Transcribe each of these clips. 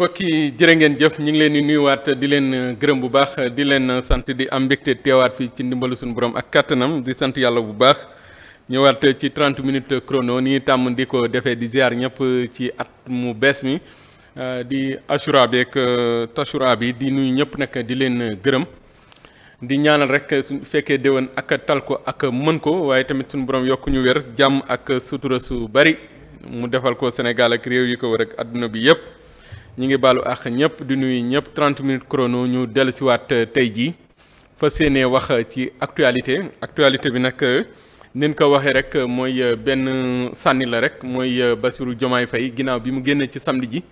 mbokk yi jërë ngeen jëf ñu ngi leen di nuyuwaat di leen euh, gërëm bu baax di leen euh, sant di am mbégte teewaat fii ci ndimbalu suñu borom ak kattanam di sant yàlla bu baax ñëwaat ci trente minutes crono ni tàmm di ko defee di ziar ñëpp ci at mu bees mi euh, di assura bi ak tashura bi di nuyu ñëpp nag di leen gërëm di ñaanal rek su fekkee déwén ak tal ko ak mën ko waaye tamit suñu borom yokk ñu wér jàmm ak sutura su bari mu defal ko Sénégal ak réew yi ko wër ak bi yëpp. ñu ngi baalu ak ñëpp di nuyu ñëpp 30 minutes chrono ñu dellu siwaat euh, tey jii fa yéenee wax ci actualité actualité bi nag euh, nin ko waxee rek euh, mooy benn sànni la rek mooy Bassirou Diomaye fay ginnaaw bi mu génnee ci samedi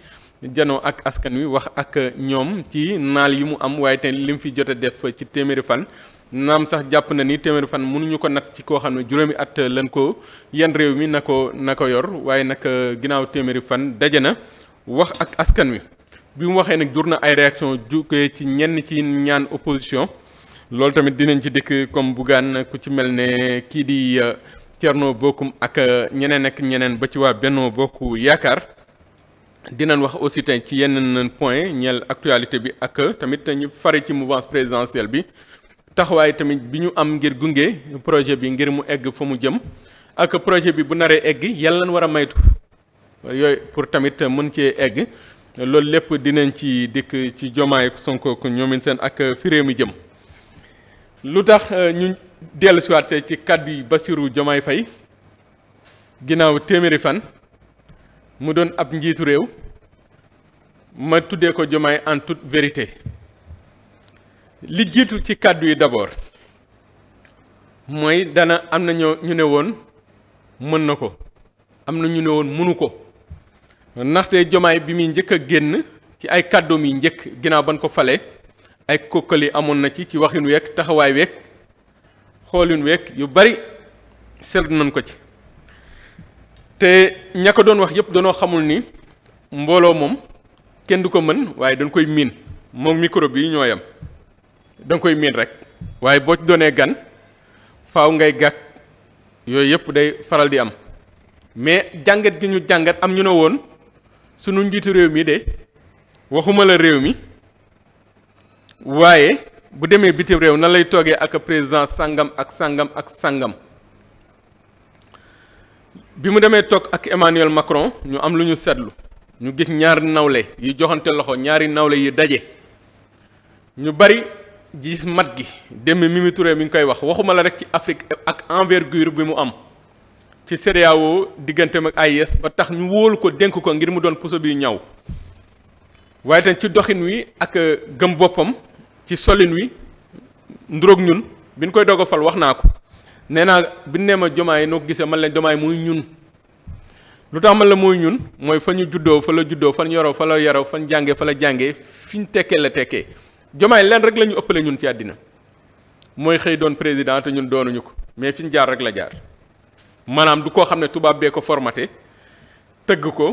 ji janoo ak askan wi wax ak ñoom ci naal yi mu am waaye te li fi jot a def ci téeméeri fan naam sax jàpp na ni téeméeri fan mënuñu ko nat ci ko xam ne juróomi at lan ko yenn réew mi na ko na ko yor waaye nag ginnaaw téeméeri fan daje na wax ak askan wi bi mu waxee nag jur na ay réaction jugee ci ñenn ci ñaan opposition loolu tamit dinañ ci dikk comme Bougane ku ci mel ne kii di euh, Thierno bokkum ak euh, ñeneen ak ñeneen ba ci waa Benno Bokk Yaakaar dinañ wax aussi ci yenn point ñeel actualité bi ak tamit ñu fari ci mouvance présidentielle bi taxawaay tamit bi ñu am ngir gunge projet bi ngir mu egg fa mu jëm ak projet bi bu naree egg yàlla lan war a maytu yooyu pour tamit mën cee egg loolu lépp dinañ ci dikk ci Diomaye Sonko ñoomin seen ak fi réew mi jëm lu tax euh, ñu dellu si waat ci kàddu yi Bassirou Diomaye Faye ginnaaw téeméeri fan mu doon ab njiitu réew ma tuddee ko Diomaye en tout vérité li jiitu ci kàddu yi d'abord mooy dana am na ñoo ñu ne woon mën na ko am na ñu ne woon mënu ko ndaxte jomaay bi muy njëkk a génn ci ay kàddoom yi njëkk ginnaaw ban ko fale ay kokkali amoon na ci ci waxin week taxawaay week xoolin week yu bari seetlu nañ ko ci te ña ko doon wax yépp danoo xamul ni mbooloo moom kenn du ko mën waaye dañ koy miin moom micro bi ñoo yam dañ koy miin rek waaye boo ci doonee gan faw ngay gàkk yooyu yépp day faral di am mais jàngat gi ñu jàngat am ñu ne woon sunu njiitu réew mi de waxuma la réew mi waaye bu demee bitim réew na lay toogee ak président sàngam ak sàngam ak sàngam bi mu demee toog ak Emmanuel Macron ñu am lu ñu seetlu ñu gis ñaari nawle yi joxante loxo ñaari nawle yi daje ñu bari gis mat gi dem Mimi Touré mi ngi koy wax waxuma la rek ci Afrique ak envergure bi mu am. ci diggante digganteem ay AIS ba tax ñu wóolu ko dénk ko ngir mu doon puso bi ñaw waaye tam ci doxin wi ak euh, gëm boppam ci solin wi nduróog ñun bi ñu koy doog fal wax naa ko nee naa bi nee ma jomaay noo gisee man la jomaay muy ñun lu tax man la mooy ñun mooy fa ñu juddoo fa la juddoo fan yoroo fa la yoroo fan jàngee fa la jàngee fi ñu tekkee la tekkee jomaay leen rek la ñu ëppale ñun ci àddina mooy xëy doon président te ñun doonuñu ko mais fi ñu rek la jaar. maanaam du koo xam ne tubaab bee ko formaté tëgg ko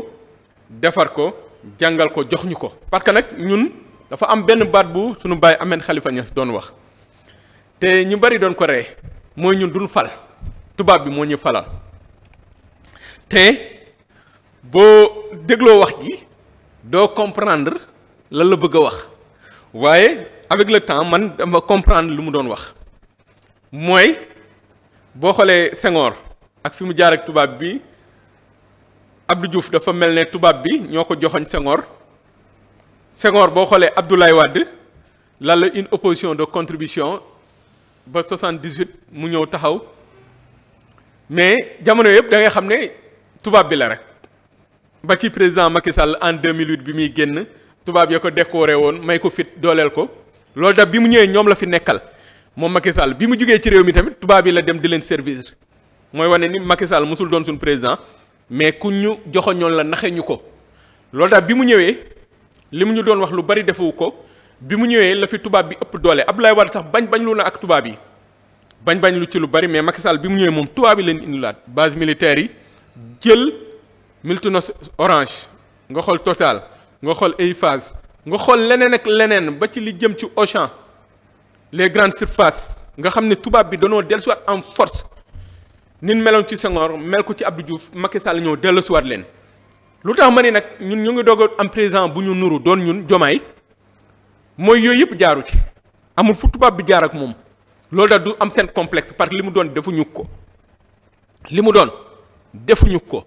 defar ko jàngal ko jox ñu ko. parce que nag ñun dafa am benn baat bu suñu baay xalifa Khalifa si doon wax te ñu bari doon ko ree mooy ñun duñ fal tubaab bi moo ñu falal te boo dégloo wax ji doo comprendre lan la bëgg a wax waaye avec le temps man dama comprendre lu mu doon wax mooy boo xoolee sengoor ak fi mu jaar tubaab bi Abdou Diouf dafa mel ne tubaab bi ñoo ko joxoñ Senghor Senghor boo xoolee Abdoulaye Wade lan la une opposition de contribution ba 78 mu ñëw taxaw mais jamono yëpp da ngay xam ne tubaab bi la rek ba ci président Macky Sall en 2008 bi muy génn tubaab ya ko décoré woon may ko fit dooleel ko loolu da bi mu ñëwee ñoom la fi nekkal moom Macky Sall bi mu jugee ci réew mi tamit tubaab yi la dem di leen service mooy wane ni Macky Sall mosul doon suñu président mais ku ñu joxoñoon la naxe ñu ko loolu tax bi mu ñëwee li mu ñu doon wax lu bari defewu ko bi mu ñëwee la fi tubaab bi ëpp doole ab lay Wade sax bañ bañ lu na ak tubaab yi bañ bañ lu ci lu bari mais Macky bi mu ñëwee moom tubaab yi leen indilaat base militaire yi jël Multinos Orange nga xool Total nga xool Eiffage nga xool leneen ak leneen ba ci li jëm ci Auchan les grandes surfaces nga xam ne tubaab bi danoo dellusiwaat en force nin meloon ci Senghor mel ko ci Abdou Diouf Macky Sall ñëw delloosiwaat leen lu tax ma ni nag ñun ñu ngi doog am président bu ñu nuru doon ñun jomaay mooy yooyu yëpp jaaru ci amul fu tubaab bi jaar ak moom loolu da du am seen complexe parce que li mu doon defuñu ko li mu doon defuñu ko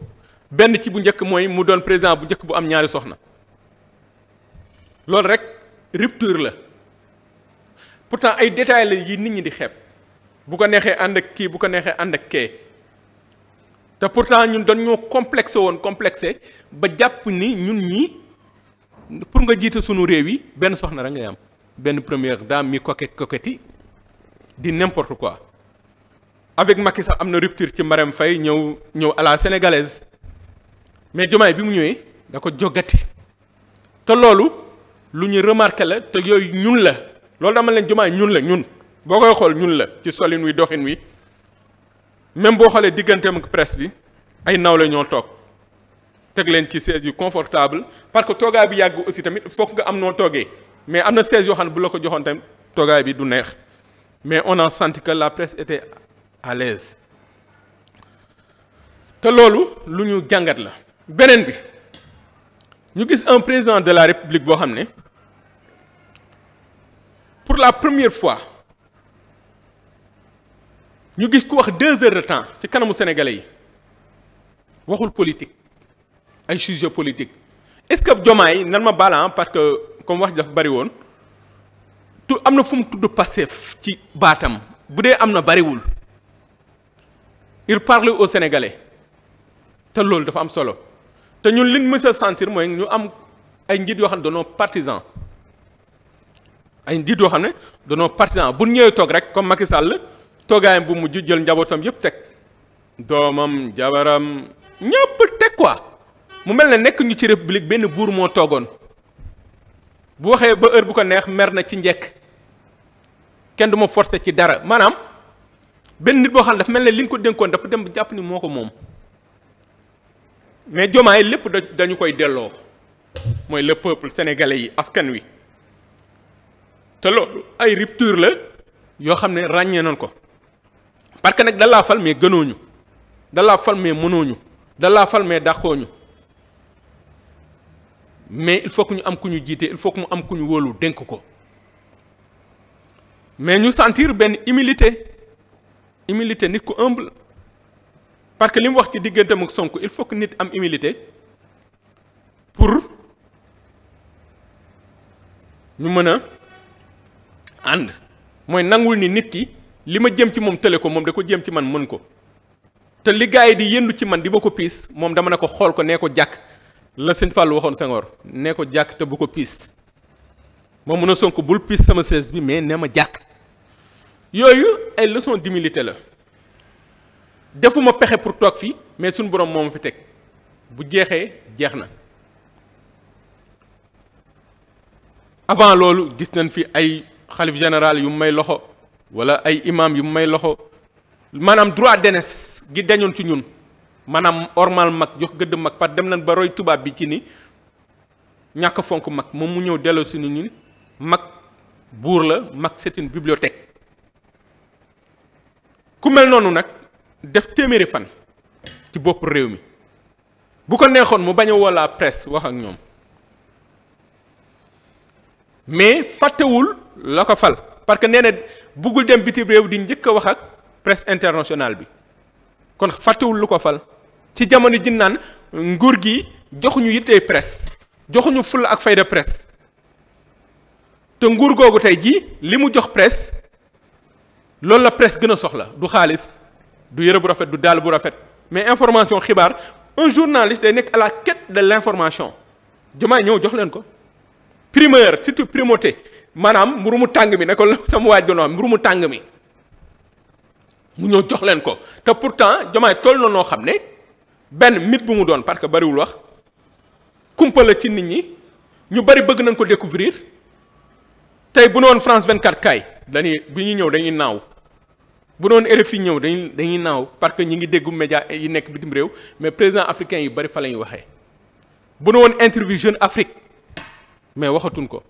benn ci bu njëkk mooy mu doon président bu njëkk bu am ñaari soxna loolu rek rupture la pourtant ay détails la yi nit ñi di xeeb. bu ko neexee ànd ak kii bu ko neexee ànd ak kee te pourtant ñun dañ ñoo complexé woon complexé ba jàpp ni ñun ñi pour nga jiite sunu réew yi benn soxna rek ngay am benn première dame mi coquette coquette yi di n'importe quoi avec Macky sax am na rupture ci Marème fay ñëw ñëw à la mais Diomaye bi mu ñëwee da ko jogati te loolu lu ñu remarqué la te yooyu ñun la loolu dama leen Diomaye ñun la ñun boo koy xool ñun la ci solin wi doxin wi même boo xoolee digganteem ak presse bi ay nawle ñoo toog teg leen ci siège yu confortable parce que toogaay bi yàgg aussi tamit fokk nga am noo toogee mais am na siège yoo xam ne bu la ko joxoon toogaay bi du neex mais on a senti que la presse était à l'aise te loolu lu ñu jàngat la. beneen bi ñu gis un président de la république boo xam ne pour la première fois. ñu gis ku wax deux heures de temps ci kanamu sénégalais yi waxul politique ay sujet politique est-ce que jomaay nan ma balan parce que comme wax dafa bari woon tu am na fu mu tudd Pastef ci baatam bu dee am na bariwul il parle au sénégalais te loolu dafa am solo te ñun liñ mu a sentir mooy ñu am ay njiit yoo xam ne danoo partisan ay njiit yoo xam ne danoo partisan bu ñëwee toog rek comme Macky Sall toogaayam bu mujj jël njabootam yëpp teg doomam jabaram ñëpp teg ko mu mel ne nekk ñu ci république benn buur moo toogoon bu waxee ba heure bu ko neex mer na ci njekk kenn du ma forcer ci dara maanaam benn nit boo xam ne dafa mel ne li ñu ko dénkoon dafa dem jàpp ni moo ko moom mais jomaa jomaay lépp da dañu koy delloo mooy le peuple sénégalais yi askan wi te loo ay rupture la yoo xam ne ràññee nañ ko parce que nag da laa fal mais gënooñu da laa fal mais mënooñu da laa fal mais dàqooñu mais il faut que ñu am ku ñu jiite il faut que mu am ku ñu wóolu dénk ko mais ñu sentir benn humilité humilité nit ku humble parce que li mu wax ci digganteem ak sonk il faut que nit am humilité pour ñu mën a ànd mooy nangul ni nit ki. li ma jëm ci moom tële ko moom da ko jëm ci man mën ko te li yi di yëndu ci man di ba ko piis moom dama ne ko xool ko nee ko jàkk la sëñ Fallou waxoon Senghor nee ko jàkk te bu ko piis ma mën a Sonko bul piis sama sees bi mais ne ma jàkk yooyu ay leçon d'humilité la defuma pexe pour toog fi mais suñ borom moom ma fi teg bu jeexee jeex na avant loolu gis nañ fi ay xalif général yu may loxo wala ay imam yu may loxo maanaam droit denes gi dañoon ci ñun maanaam ormal mag jox gëdd mag par dem nañ ba roy tubaab bi ci ni ñàkk fonk mag moom mu ñëw delloo si ñu ni mag buur la mag c'est une bibliothèque ku mel noonu nag def téeméeri fan ci bopp réew mi bu ko neexoon mu bañ a woo la wax ak ñoom mais fàttewul la ko fal parce que nee na buggul dem bitim réew di njëkk a wax ak presse internationale bi kon fàttewul lu ko fal ci jamono ji naan nguur gi joxuñu yitte presse joxuñu fulla ak fayda presse te nguur googu tey jii li mu jox presse loolu la presse gën a soxla du xaalis du yëre bu rafet du daal bu rafet mais information xibaar un journaliste day nekk à la quête de l' information jumaay ñëw jox leen ko primeur surtout primauté maanaam mburu mu tàng mi ne ko sama waaj doon wax mu mi mu ñëw jox leen ko te pourtant jomaay toll na noo xam ne benn mit bu mu doon parce que bariwul wax kumpa ci nit ñi ñu bari bëgg nañ ko découvrir tey bu noon France 24 kaay dañuy bi ñu ñëw dañuy naaw bu noon RFI ñëw dañuy dañuy naaw parce que ñi ngi déggu média yi nekk bitim réew mais président africain yi bari fa la ñuy waxee bu nu woon interview Jeune Afrique mais waxatuñ ko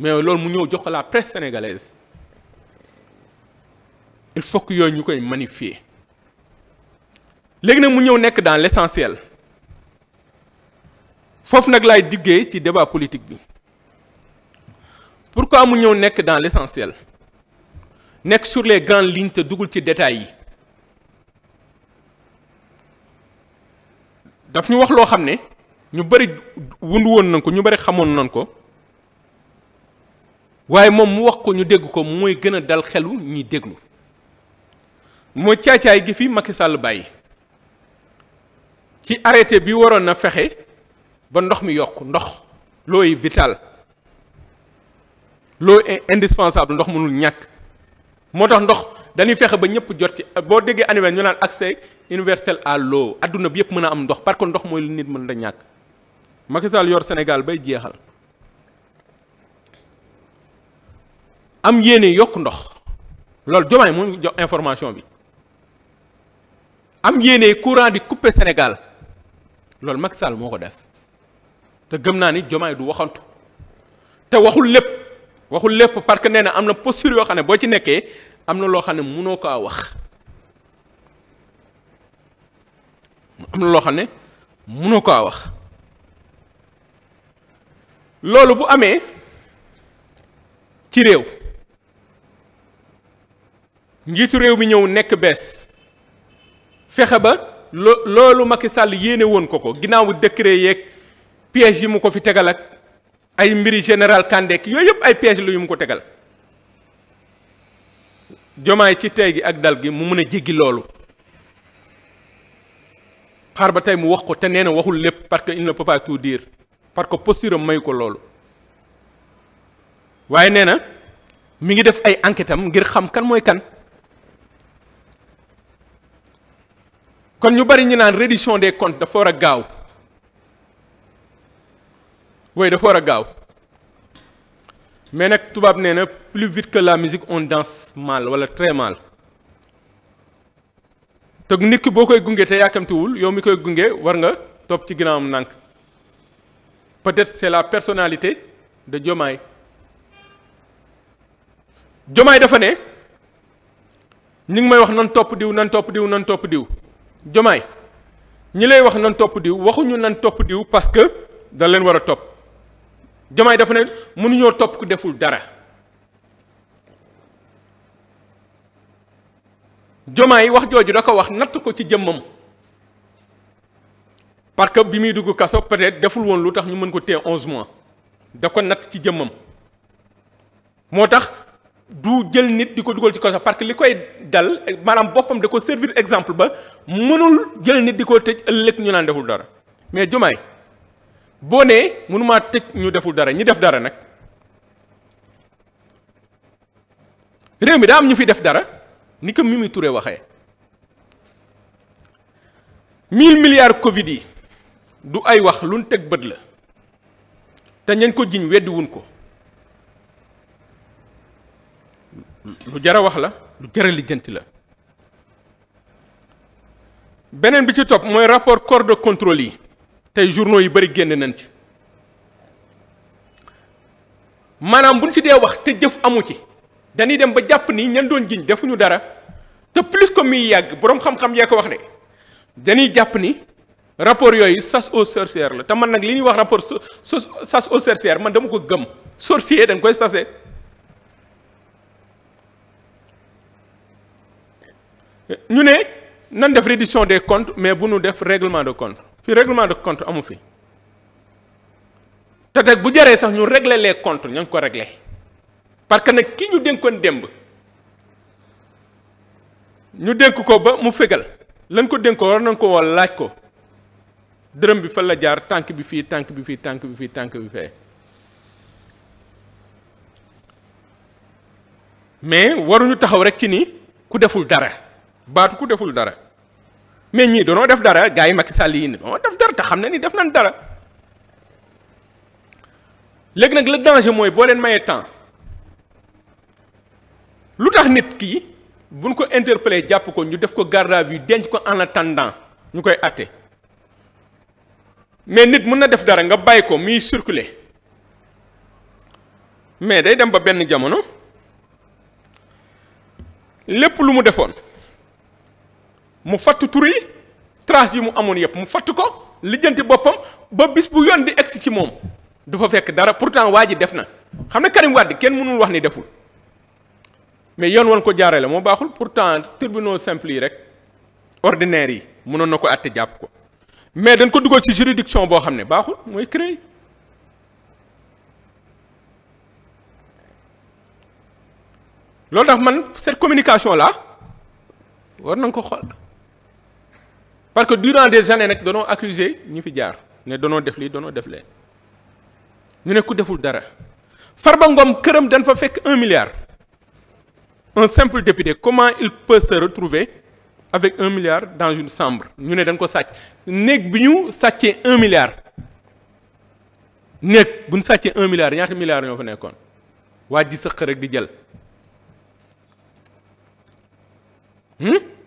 mais loolu mu ñëw jox ko la presse sénégalaise il faut que yooyu ñu koy magnifier léegi nag mu ñëw nekk dans l'essentiel foofu nag laay diggee ci débat politique bi pourquoi mu ñëw nekk dans l'essentiel nekk sur les grandes lignes te dugul ci détails yi daf ñu wax loo xam ne ñu bari wundu woon nañ ko ñu bari xamoon nañ ko waaye moom mu wax ko ñu dégg ko mooy gën a dal xelu ñuy déglu mooy caacaay gi fi Macky Sall bàyyi ci arrêté bi waroon na fexe ba ndox mi yokk ndox loo yi vital loo indispensable ndox mënul ñàkk moo tax ndox dañuy fexe ba ñëpp jot ci boo déggee annuel ñu naan accès universel à loo adduna bi yëpp mën a am ndox parce que ndox mooy lu nit mën na ñàkk Macky yor Sénégal bay jeexal am yéene yokk ndox loolu Diomaye moo jox information bi am yéene courant di couper Sénégal loolu mag Sall moo ko def te gëm naa ni Diomaye du waxantu te waxul lépp waxul lépp parce que nee na am na posture yoo xam ne boo ci nekkee am na loo xam ne munoo kaa wax am loo xam ne mënoo kaa wax loolu bu amee ci réew. njiitu réew mi ñëw nekk bees fexe ba lo loolu Macky Sall yéene woon ko ko ginnaaw décret yeeg piège yi mu ko fi tegal ak ay mbiri général Kandé yooyu yëpp ay piège la yu mu ko tegal jomaay ci tey gi ak dal gi mu mën a jéggi loolu xaar ba tey mu wax ko te nee na waxul lépp parce que il ne peut pas tout dire parce que posture am mayu ko loolu waaye nee na mi ngi def ay enquête am ngir xam kan mooy kan kon ñu bari ñu naan reddition des comptes dafa war a gaaw way dafa war a gaaw mais nag tubaab nee na plus vite que la musique on danse mal wala très mal te nit ki boo koy gunge te yàkkamtiwul yow mi koy gunge war nga topp ci ginnaawam nànk peut-être c'est la personnalité de Diomaye Diomaye dafa ne ñu ngi may wax nan topp diw nan topp diw nan topp diw Jomaay ñi lay wax nan topp diw waxuñu nan topp diw parce que da leen war a topp Jomaay dafa ne mënuñoo topp ku deful dara Jomaay wax jooju da ko wax natt ko ci jëmmam parce que bi muy dugg kaso peut-être deful woon lu tax ñu mën ko téye 11 mois da ko natt ci jëmmam moo tax du jël nit di ko dugal ci kaso parce que li koy dal maanaam boppam da ko servir exemple ba mënul jël nit di ko tëj ëllëg ñu naan deful dara mais Diomaye boo nee mënumaa tëj ñu deful dara ñi def dara nag réew mi daa am ñu fi def dara ni ko Mimi ture waxee mille milliards Covid yi du ay wax luñ teg bët la te ñañ ko jiñ weddi ko lu jar a wax la lu jar a lijjanti la beneen bi ci topp mooy rapport corps de contrôle yi tey journaux yi bëri génn nañ ci maanaam buñ ci dee wax te jëf amu ci dañuy dem ba jàpp ni ñan doon jiñ defuñu dara te plus que muy yàgg boroom xam-xam yee ko wax ne dañuy jàpp ni rapport yooyu sas aux sorcières la te man nag li ñuy wax rapport chasse aux sorcières man dama ko gëm sorcier dañ koy sase ñu ne nan def reddition des comptes mais bu nu def règlement de compte fi règlement de compte amu fi te bu jaree sax ñu régler lee comptes ña ngi ko régler parce que nag ki ñu dénkoon démb ñu dénk ko ba mu fegal lan ko dénk ko war nañ ko wal laaj ko dërëm bi fa la jaar tànk bi fii tànk bi fii tànk bi fii tànk bi fee mais waruñu taxaw rek ci ni ku deful dara baatu ku deful dara mais ñii danoo def dara gars yi Macky Sall yi ne danoo def dara te xam na ni def nañ dara léegi nag le danger mooy boo leen mayee temps lu tax nit kii buñ ko interpellé jàpp ko ñu def ko garde à vue denc ko en tendant ñu koy atte mais nit mën na def dara nga bàyyi ko muy circuler mais day dem ba benn jamono lépp lu mu defoon. mu fatt tur yi yi mu amoon yëpp mu fatt ko lijjanti boppam ba bis bu yoon di egsi ci moom du fa fekk dara pourtant waa ji def na xam ne Karim Wade kenn mënul wax ni deful mais yoon woon ko jaarale moo baaxul pourtant tribunaux simple yi rek ordinaire yi mënoon na ko àtte jàpp ko mais dañ ko dugal ci juridiction boo xam ne baaxul mooy CREI loolu tax man cette communication laa war nañ ko xool parce que durant des années nag danoo accuser ñi fi jaar ne danoo def lii danoo def lee ñu ne ku deful dara Farba Ngom këram dañ fa fekk un milliard un simple député comment il peut se retrouver avec un milliard dans une sembre ñu ne dañ ko sàcc néeg bi ñu sàccee un milliard néeg bu ñu sàccee un milliard ñaata milliards ñoo fa nekkoon waa di sëq rek di jël. Hmm?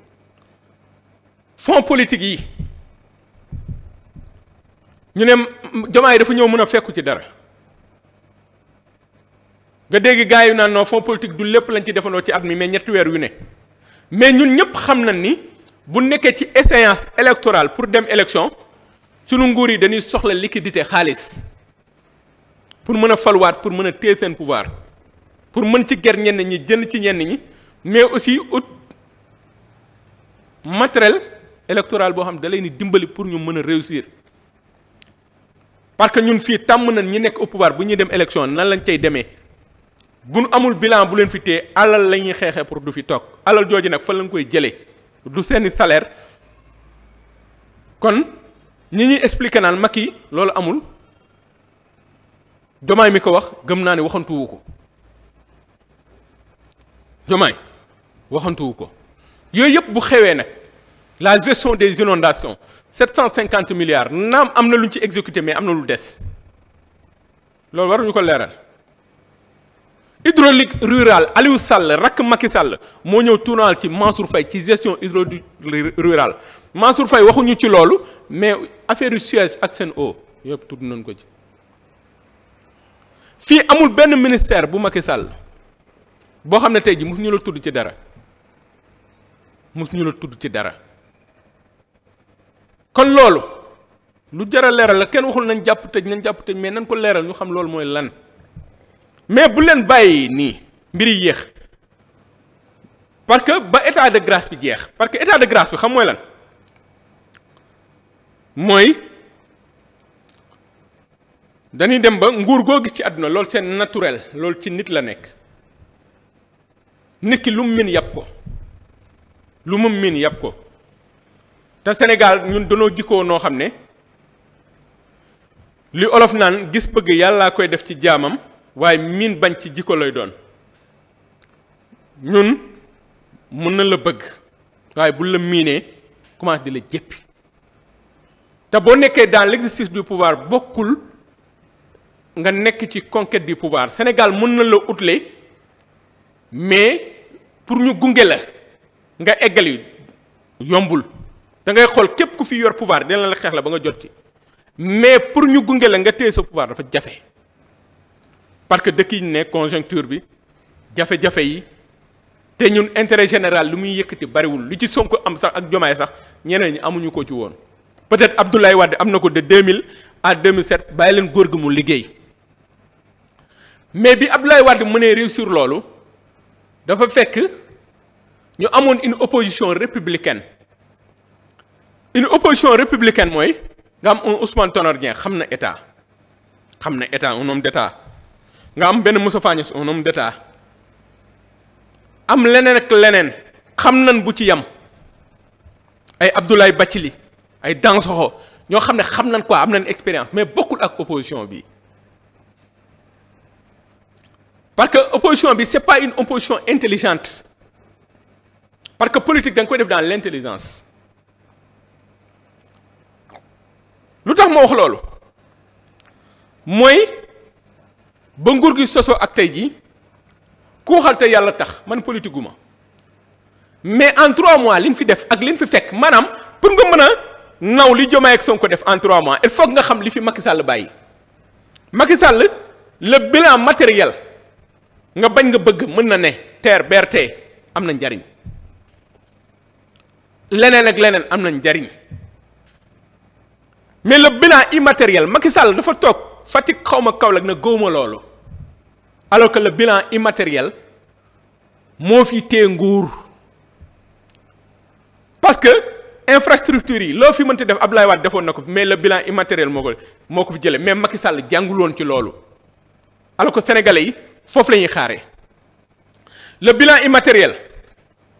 fonds politique yi ñu ne Diomaye dafa ñëw mën a fekku ci dara nga dégg gars yu naan non fonds politique du lépp lañ ci defandoo ci at mi mais ñetti weer yu ne mais ñun ñëpp xam nañ ni bu nekkee ci échéance électorale pour dem élection sunu nguur yi dañuy soxla liquidité xaalis pour mën a falwaat pour mën a téye seen pouvoir pour mën ci ger ñenn ñi jënd ci ñenn ñi mais aussi ut matériel. électorale boo xam da leen di dimbali pour ñu mën a réussir parce que ñun fii tàmm nañ ñi nekk au pouvoir bu ñuy dem élection nan lañ cay demee bu nu amul bilan bu leen fi téye alal la ñuy xeexee pour du fi toog alal jooju nag fa lañ koy jëlee du seeni salaire kon ñi ñuy expliqué naan mag yi loolu amul jomaay mi ko wax gëm naa ne waxantuwu ko jomaay waxantuwu ko yooyu yëpp bu xewee nag. la gestion des inondations 750 milliards naam am na lu ñu ci exécuté mais am na lu des loolu waruñu ko leeral hydraulique rural Aliou Sall rakk Macky Sall moo ñëw tuunaal ci Mansour Faye ci gestion hydraulique rural Mansour fay waxuñu ci loolu mais affaire yu Suez ak Sen'Eau yëpp tudd nañ ko ci fii amul benn ministère bu Macky Sall boo xam ne tey ji mosuñu la tudd ci dara mosuñu la tudd ci dara kon loolu lu jar a leeral la kenn waxul nañ jàpp tëj nañ jàpp tëj mais nañ ko leeral ñu xam loolu mooy lan mais bu leen bàyyi nii mbir yi yéex parce que ba état de grâce bi jeex parce que état de grâce bi xam mooy lan mooy dañuy dem ba nguur goo gis ci àdduna lool seen naturel loolu ci nit la nekk nit ki lu mu mën yàpp ko lu mu miin yàpp ko te Sénégal ñun danoo jikkoo noo xam ne li olof naan gis bëgg yàlla koy def ci jaamam waaye miin bañ ci jikko lay doon ñun mën na la bëgg waaye bu la miinee commence di la jéppi te boo nekkee dans l'exercice du pouvoir bokkul nga nekk ci conquête du pouvoir Sénégal mën na la utle mais pour ñu gunge la nga eggal yi yombul da ngay xool képp ku fi yor pouvoir dina la xeex ba nga jot ci mais pour ñu gunge la nga téye sa pouvoir dafa jafe parce que dëkk yi ne conjoncture bi jafe-jafe yi te ñun intérêt général li muy yëkkati bariwul li ci Sonko am sax ak Jomaay sax ñeneen ñi amuñu ko ci woon. peut-être Abdoulaye Wade am na ko de 2000 à 2007 bàyyi leen góor gi mu liggéey mais bi Abdoulaye Wade mënee réussir loolu dafa fekk ñu amoon une opposition républicaine. une opposition républicaine mooy nga am un tonor Tanor xam na état xam na état un homme d'état nga am benn Moustapha Niasse un homme detaa am leneen ak leneen xam nan bu ci yam ay Abdoulaye Bathily ay Dansokho ñoo xam ne xam nan ko am nañ expérience mais bokkul ak opposition bi parce que opposition bi c'est pas une opposition intelligente parce que politique da nga koy def dans l'intelligence lu tax ma wax loolu mooy ba nguur gi sosoo ak tey jii ku waxal te yàlla tax man politique gu ma mais en trois mois li ñu fi def ak li ñu fi fekk maanaam pour nga mën a naw li Diomaye ak ko def en trois mois il faut nga xam li fi Macky Sall bàyyi Macky sàll le bilan matériel nga bañ nga bëgg mën na ne TER berte am na njariñ leneen ak leneen am na njariñ mais le bilan immatériel Macky Sall dafa toog Fatick xawma ma Kaolack na gëwma loolu alors que le bilan immatériel moo fii téye nguur parce que infrastructure yi loo fi mënti def Abdoulaye Wade defoon na ko mais le bilan immatériel moo ko moo ko fi jële mais Macky sàll jànguloon ci loolu alors que sénégalais yi foofu la ñuy xaaree le bilan immatériel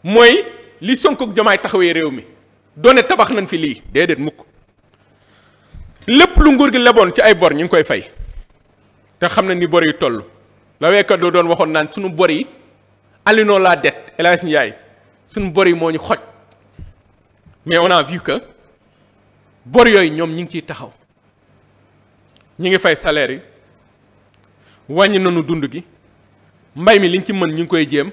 mooy li Sonko ak Diomaye taxawee réew mi doone tabax nañ fi lii déedéet mukk lépp lu nguur gi leboon ci ay bor ñu ngi koy fay te xam na ni bor yi toll la waykat doo doon waxoon naan suñu bor yi allinoo laa dette El Hadj Ndiaye suñu bor yi moo ñu xoj mais on a vu que bor yooyu ñoom ñu ngi ciy taxaw ñu ngi fay salaire yi wàññi nañu dund gi mbay mi liñ ci mën ñu ngi koy jéem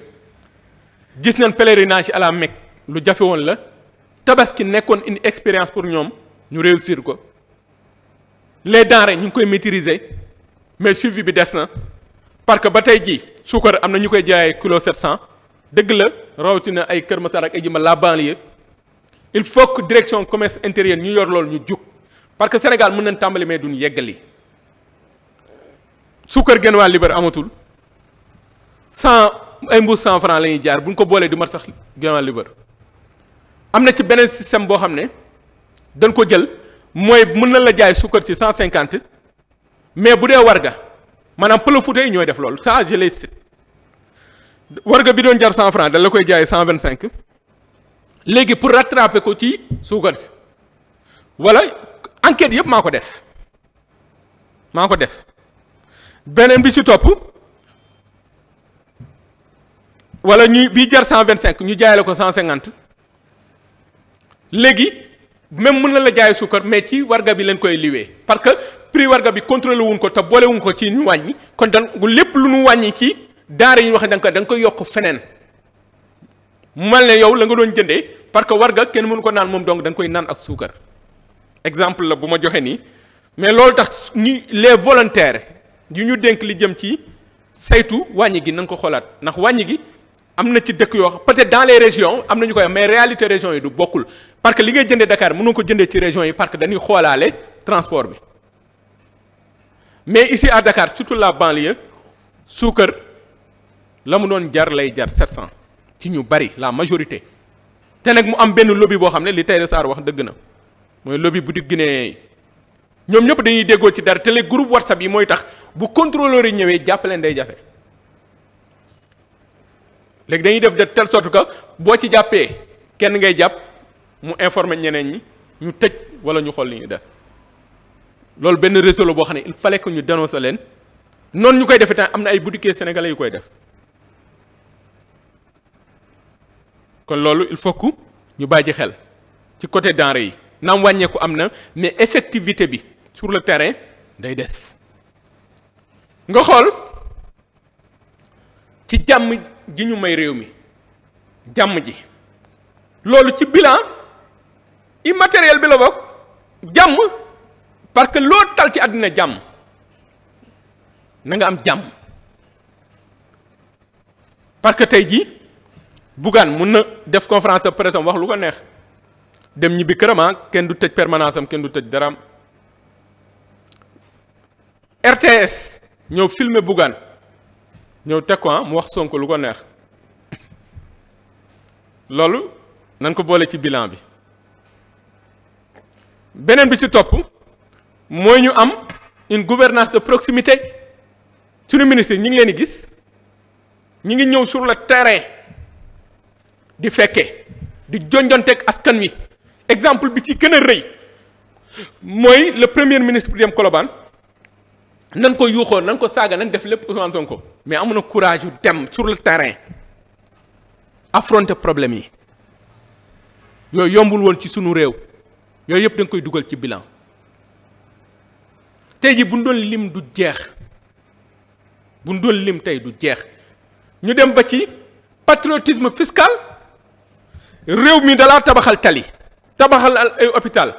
gis nañ pèlerinage à la Mecque lu jafe woon la tabaski nekkoon une expérience pour ñoom ñu réussir ko les denrées ñu ngi koy maîtriser mais suivi bi des na parce que ba tey jii suukar am na ñu koy jaayee kilo 700 dëgg la rawatina ay Kër Masar ak ay jëma la banlieue il faut que direction commerce intérieur ñu yor loolu ñu jug parce que Sénégal mën nañ tàmbali mais duñ yeggali suukar genn waa libre amatul cent ay mbuus cent franc la ñuy jaar bu ñu ko boolee du mat sax genn waa am na ci beneen système boo xam ne dañ ko jël. mooy mun na la jaay suukar ci cent cinquante mais bu dee warga maanaam pël Fuuta yi ñooy def loolu ça je les cite warga bi doon jar cent franc da la koy jaay cent vingt cinq léegi pour rattraper ko ci suukar si wala enquête yëpp maa ko def maa ko def beneen bi ci topp wala ñuy bi jar cent vingt cinq ñu jaay la ko cent cinquante léegi. même mun na la jaay suukar mais ci warga bi leen koy liwee parce que prix warga bi contrôlé wuñ ko te boole wuñ ko ci ñu wàññi kon dan lépp lu ñu wàññi ci denrée yi ñu wax da nga koy da koy yokk feneen mu ne yow la nga doon jëndee parce que warga kenn mënu ko naan moom donc da koy naan ak suukar exemple la bu ma joxe nii mais loolu tax ñu les volontaires yu ñu dénk li jëm ci saytu wàññi gi nañ ko xoolaat ndax wàññi gi am na ci dëkk yoo xam peut dans les régions am na ñu koy am mais réalité régions yi du bokkul parce li ngay jëndee Dakar mënoo ko jëndee ci régions yi parce que xoolaale transport bi mais ici à Dakar surtout la banlieue suukar la mu doon jar lay jar 700 ci ñu bari la majorité te nag mu am benn lobby boo xam ne li Taïda Sarr wax dëgg na mooy lobby bu di Guinée ñoom ñëpp dañuy déggoo ci dara te les groupes WhatsApp yi mooy tax bu contrôleur yi ñëwee jàppaleen day jafe. léegi dañuy def de telle sorte que boo ci jàppee kenn ngay jàpp mu informer ñeneen ñi ñu tëj wala ñu xool li ñuy def loolu benn réseau la boo xam ne il fallait que ñu dénoncer leen noonu ñu koy defee tam am na ay boutiquiers sénégalais yu koy def kon loolu il faut que ñu bàyyi xel ci côté denrée yi naam wàññeeku am na mais effectivité bi sur le terrain day des nga xool ci jàmm. gi ñu may réew mi jàmm ji loolu ci bilan immatériel bi la bokk jàmm parce que loo tal ci àddina jàmm na am jàmm parce que tey jii Bougane mun na def conférence de presse am wax lu ko neex dem ñibbi këram ah, kenn du tëj permanence am kenn du tëj daraam RTS ñëw filmer Bougane ñëw teg ko ah mu wax Sonko lu ko neex loolu nañ ko boole ci bilan bi beneen bi ci topp mooy ñu am une gouvernance de proximité suñu ministre ñi ngi leen di gis ñi ngi ñëw sur la terrain di fekkee di jonjonteeg askan wi exemple bi ci gën a rëy mooy le premier ministre bu dem Colobane nan ko yuuxoo nan ko saaga nan def lépp Ousmane ko mais amu na courage yu dem sur le terrain affronter problème yi yooyu yombul woon ci sunu réew yooyu yëpp da koy dugal ci bilan tey ji bu ñu doon lim du jeex bu ñu doon lim tey du jeex ñu dem ba ci patriotisme fiscal réew mi dalaa tabaxal tali tabaxal ay hôpital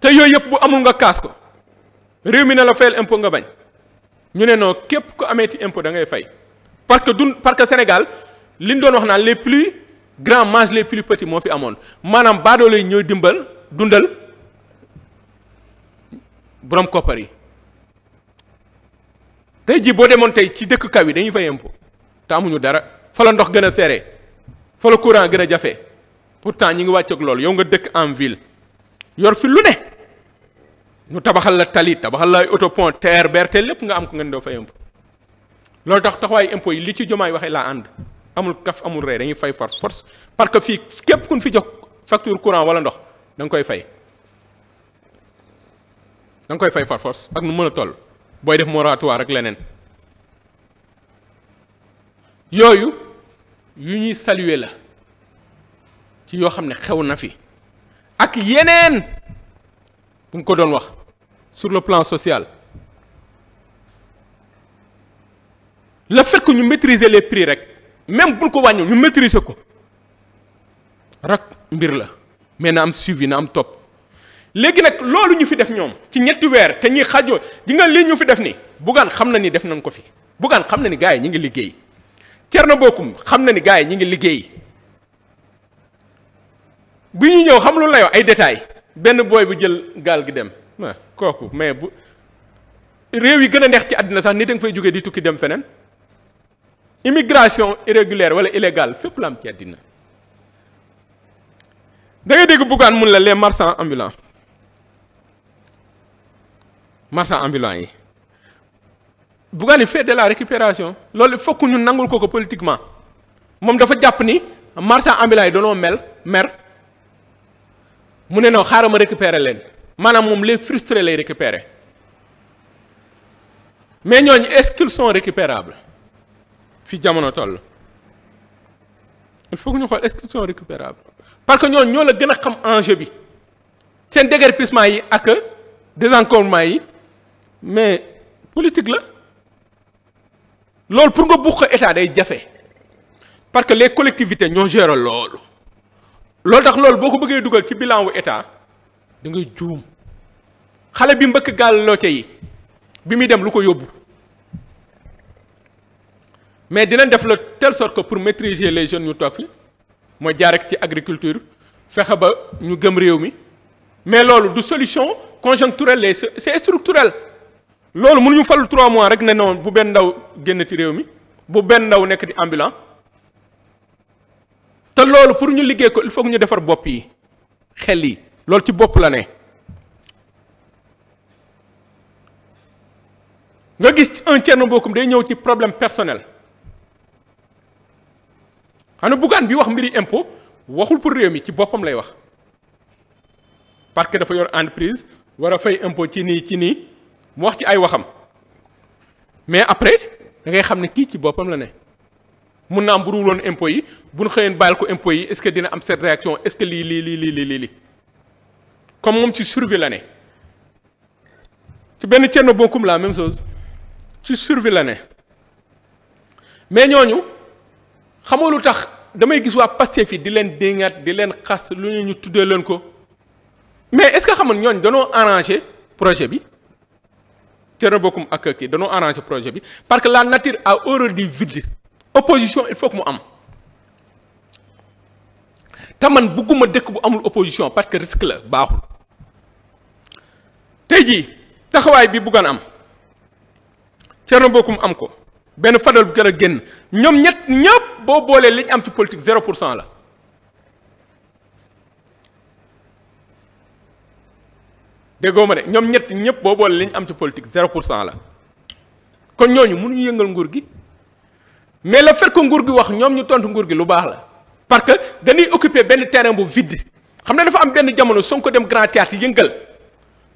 te yooyu yëpp bu amul nga kaas ko réew mi ne la fayal impôt nga bañ ñu ne noo képp ku ameeti impôt da ngay fay parce que dun parce que Sénégal li ñu doon wax naan les plus grands mangent les plus petits moo fi amoon maanaam baadoolo yi ñooy dimbal dundal borom koppar yi tey jii boo demoon tey ci dëkk kaw yi dañuy fay impôt te amuñu dara fa la ndox gën a serré fa la courant gën a jafe pourtant ñi ngi wàccoog loolu yow nga dëkk en ville yor fi lu ne. ñu tabaxal la tali tabaxal la ay autopont TER BRT lépp nga am ko ngeen doo fay impôt loolu tax taxawaayu impôt yi li ci jomaay waxee laa ànd amul kaf amul ree dañuy fay far force parce que fii képp ku kun fi jox facture courant wala ndox da nga koy fay da koy fay far force ak nu mën a toll booy def moratoire rek leneen yooyu yu ñuy saluer la ci yoo xam ne xew na fi ak yeneen. bu ñu ko doon wax sur le plan social la fait que ñu maîtriser les prix rek même buñ ko wàññi ñu maîtriser ko rek mbir la mais na am suivi na am topp léegi nag loolu ñu fi def ñoom ci ñetti weer te ñuy xajoo gi nga lii ñu fi def ni Bougane xam na ni def nañ ko fi Bougane xam na ni gars yi ñu ngi liggéey na Bocoum xam na ni gars yi ñu ngi liggéey bi ñu ñëw xam lu la ay détails benn booy bu jël gaal gi dem kooku mais bu réew yi gën a neex ci àddina sax nit a nga fay jógee di tukki dem feneen immigration irrégulière wala illégale fépp la am ci àddina da dégg buggaan mun la les marchands ambulants marchands ambulants yi buggaan yi fait de la récupération loolu fokk ñu nangul ko ko politiquement moom dafa jàpp ni marchands ambulants yi danoo mel mer mu ne naw xaaral ma récupérer leen maanaam moom les frustrés lay récupérer mais ñooñu est-ce qu'ils sont récupérables fi jamono toll il faut que ñu xool est-ce parce que ñooñu ñoo la gën a xam enjeu bi seen déguerpissement yi ak désencombrement yi mais politique la loolu pour nga buux ko état day jafe parce que les collectivités ñoo géro loolu. loolu tax loolu boo ko bëggee dugal ci bilan wu état da ngay juum xale bi mbëkk gaal loote yi bi muy dem lu ko yóbbu mais dinañ def la telle sorte que pour maîtriser les jeunes ñu toog fi mooy jaar ci agriculture fexe ba ñu gëm réew mi mais loolu du solution conjoncturelle les c'est structurel loolu mënuñu fal trois mois rek na noonu bu benn ndaw génn ci réew mi bu benn ndaw nekk di ambulant te loolu pour ñu liggéey ko il faut ñu defar bopp yi xel yi loolu ci bopp la ne nga gis un Thierno Bocoum day ñëw ci problème personnel xam ne Bougane bi wax mbiri impôt waxul pour réew mi ci boppam lay wax parce que dafa yor entreprise war a fay impôt ci nii ci nii mu wax ci ay waxam mais après da ngay xam ne kii ci boppam la ne mun na am bu dul woon impôts yi bu ñu xëyeen bàyyil ko impôts yi est-ce que dina am cette réaction est-ce que lii lii lii lii comme moom ci survie la ne ci benn Thierno bokkum la même chose ci survie la ne mais ñooñu xamoo lu tax damay gis waa Pastef yi di leen déngaat di leen xas lu ñu ñu tuddee leen ko mais est-ce que xamoon ñooñu danoo arrangé projet bi Thierno Bocoum ak kii danoo arrangé projet bi parce que la nature a horreur du vide. opposition il faut que mu am te man bugguma dëkk bu amul opposition parce que risque la baaxul tey jii taxawaay bi buggaan am Thierno mu am ko benn Fadel bu gën a génn ñoom ñett ñëpp boo boolee li ñu am ci politique zéro pour cent la déggoo ma de ñoom ñett ñëpp boo boolee li ñu am ci politique zéro pour la kon ñooñu mënuñu yëngal nguur gi. mais la fait nguur gi wax ñoom ñu tontu nguur gi lu baax la parce que dañuy occuper benn terrain bu vide xam ne dafa am benn jamono ko dem grand théâtre yëngal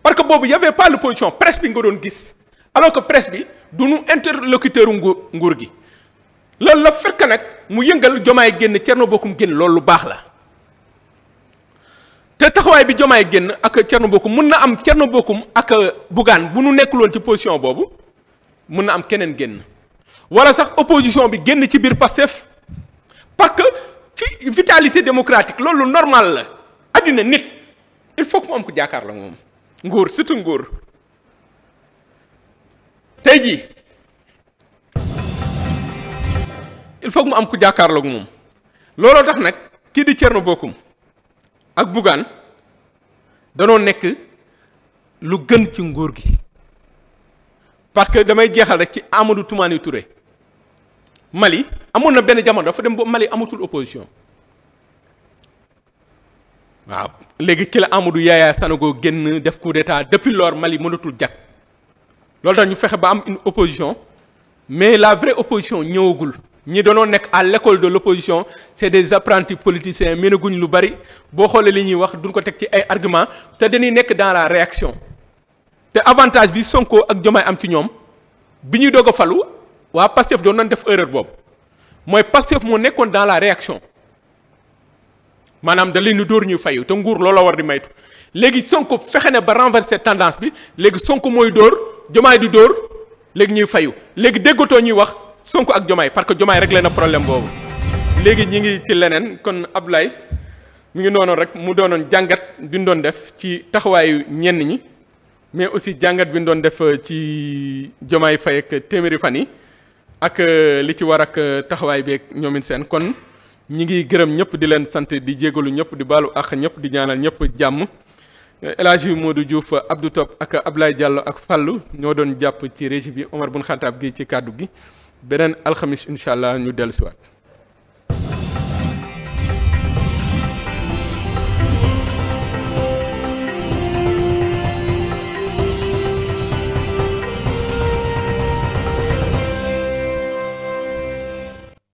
parce que boobu y avait pas l'opposition presse bi nga doon gis alors ko presse bi du ñu interlocuteur nguur nguur gi loolu la fekk nag mu yëngal jomaay génn Thierno bokkum génn loolu lu baax la te taxawaay bi jomaay génn ak Thierno Bocoum mun na am Thierno bokkum ak Bougane bu nu loon ci position boobu mun na am keneen génn. wala sax opposition bi génn ci biir Pastef parce que ci vitalité démocratique loolu normal la àddina nit il faut que mu am ko jaakaar la moom nguur surtout nguur tey jii il faut mu am ku jàkkaarloog moom looloo tax nag kii di Thierno Bocoum ak Bougane danoo nekk lu gën ci nguur gi parce que damay jeexal rek ci Amadou Toumani Touré Mali amoon na benn jamono dafa dem boo Mali amatul opposition waaw léegi ci la Amadou Yaya Sanogo génn def coup d'état depuis lors Mali mënatul jag loolu tax ñu fexe ba am une opposition mais la vraie opposition ñëwagul ñi doonoo nekk à l'école de l'opposition c'est des apprentis politiciens mënaguñ lu bari boo xoolee li ñuy wax duñ ko teg ci ay arguments te dañuy nekk dans la réaction te avantage bi Sonko ak Diomaye am ci ñoom bi ñuy doog a waa Pastef doon nañ def erreur boobu mooy Pastef moo nekkoon dans la réaction maanaam da leen dóor ñuy fayu te nguur loola war di maytu léegi Sonko fexe ne ba renverser tendance bi léegi sonk mooy dóor Jomaay di dóor léegi ñuy fayu léegi déggatoo ñuy wax sonk ak Jomaay parce que Jomaay réglé na problème boobu léegi ñi ngi ci leneen kon Ablaye mu ngi noonoon rek mu doonoon jàngat bi doon def ci taxawaayu ñenn ñi mais aussi jàngat bi ñu doon def ci Jomaay Faye ak téeméeri fan yi ak euh, li ci war ak euh, taxawaay beeg ñoomin seen kon ñi ngi gërëm ñëpp di leen sant di jégalu ñëpp di balu ak ñëpp di ñaanal ñëpp jàmm El Hadji Modou Diouf Abdou Top ak Ablaye Diallo ak Fallou ñoo doon jàpp ci régie bi Omar bun Xataab gi ci kàddu gi beneen alxamis incha allah ñu dellu siwaat